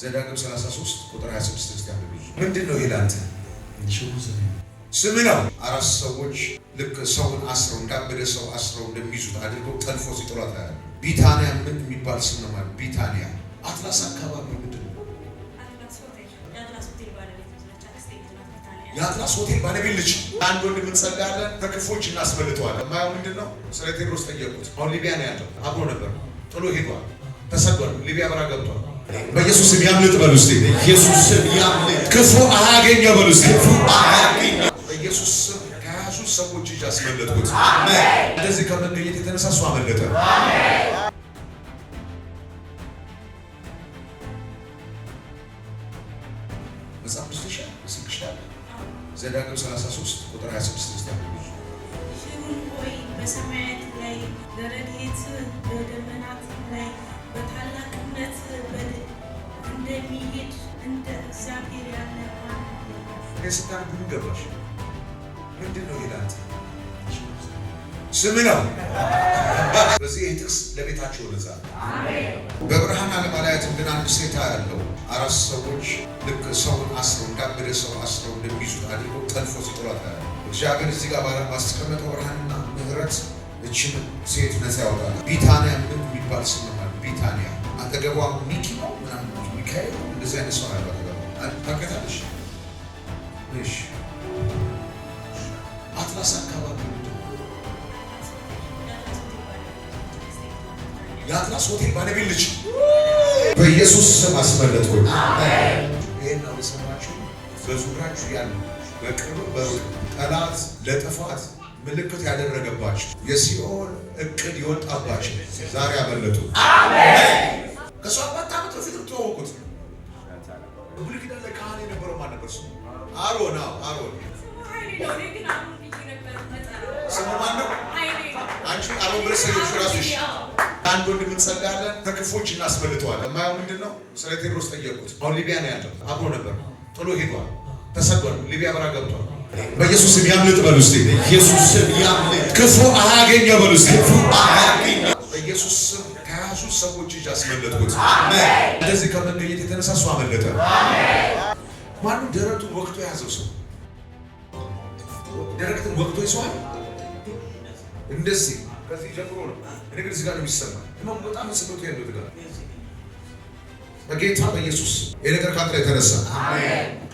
ዘዳግም 33 ቁጥር 26 እስቲ አንብብ። ምንድን ነው ይላል? ስም ነው። አራት ሰዎች ልክ ሰውን አስረው እንዳበደ ሰው አስረው እንደሚይዙት አድርገው ጠልፎ ሲጥሏት ያለ ቢታንያ ምን የሚባል ስም ነው ማለት ቢታንያ አትላስ አካባቢ ምንድን ነው የአትላስ ሆቴል ባለቤት ልጅ አንድ ወንድ ምንጸጋለን ከክፎች እናስበልጠዋለን። ማየው ምንድን ነው ስለ ቴድሮስ ጠየቁት። አሁን ሊቢያ ነው ያለው አብሮ ነበር ጥሎ ሄዷል፣ ተሰዷል፣ ሊቢያ በራ ገብቷል። በኢየሱስ ስም ያምልጥ በሉ እስቲ። ኢየሱስ ስም ያምልጥ፣ ክፉ አያገኘ በሉ እስቲ። ክፉ አያገኘ በኢየሱስ ስም ከያዙ ሰዎች እጅ አስመለጥኩት። አሜን። እንደዚህ ከመገኘት የተነሳ እሱ አመለጠ። አሜን። መጽሐፍ ዘዳግም 33 ቁጥር 26 ከስታ ምን ገባሽ? ምንድን ነው ይላት ስም ነው። በዚህ ጥቅስ ለቤታቸው ለዛ በብርሃን አለማላያት አንድ ሴታ ያለው አራት ሰዎች ልክ ሰውን አስረው እንዳበደ ሰው አስረው እንደሚይዙት አድርገው ጠልፎ ሲጥሏት ያለ እግዚአብሔር እዚህ ጋር ባለ ማስቀመጠው ብርሃንና ምህረት እችን ሴት ነፃ ያወጣል። ቢታንያ ምን የሚባል ስም ነው? ቢታንያ አጠገቧ ሚኪ ነው ምናምን ሚካኤል እንደዚህ አይነት ሰው አለ ታውቂያታለሽ። አትላስ አካባቢ የአትላስ ሆቴል ባለቤት ልጅ በኢየሱስ ስም አስመለጥኩ። ይህን ነው የሰማችሁ። በዙሪያችሁ ያለ በቅርብ በሩቅ ለጥፋት ምልክት ያደረገባችሁ የሲኦል እቅድ የወጣባችሁ ዛሬ አመለጡ። ከእሱ አባት ዓመት በፊት የምትዋወቁት ብሉይ ኪዳን ላይ ካህን የነበረው ማን ነበር? አሮን አዎ፣ አሮን ስሙ ማን ነው? አንቺ አሮን ብለሽ ሰዎች ራሱሽ አንድ ወንድም እንጸልያለን፣ ከክፎች እናስበልጠዋለን። የማየው ምንድን ነው? ስለ ቴድሮስ ጠየቁት። አሁን ሊቢያ ነው ያለው፣ አብሮ ነበር፣ ጥሎ ሄዷል፣ ተሰዷል፣ ሊቢያ በራ ገብቷል። በኢየሱስ ስም ያምልጥ በሉ እስቲ። በኢየሱስ ስም ያምልጥ፣ ክፉ አያገኘ በሉ እስቲ፣ ክፉ አያገኘ በኢየሱስ ስም ከያዙ ሰዎች እጅ አስመለጥኩት። አሜን። እንደዚህ ከመገኘት የተነሳ እሱ አመለጠ። አሜን። ማንም ደረቱን ወቅቶ የያዘው ሰው ደረትን ወቅቶ ይዘዋል። እንደዚህ ከዚህ ጀምሮ ነው እዚህ ጋር ነው የሚሰማ ህመሙ በጣም ስመቱ ያለው ትጋ በጌታ በኢየሱስ የነገር ነገር ካንተ ላይ ተነሳ።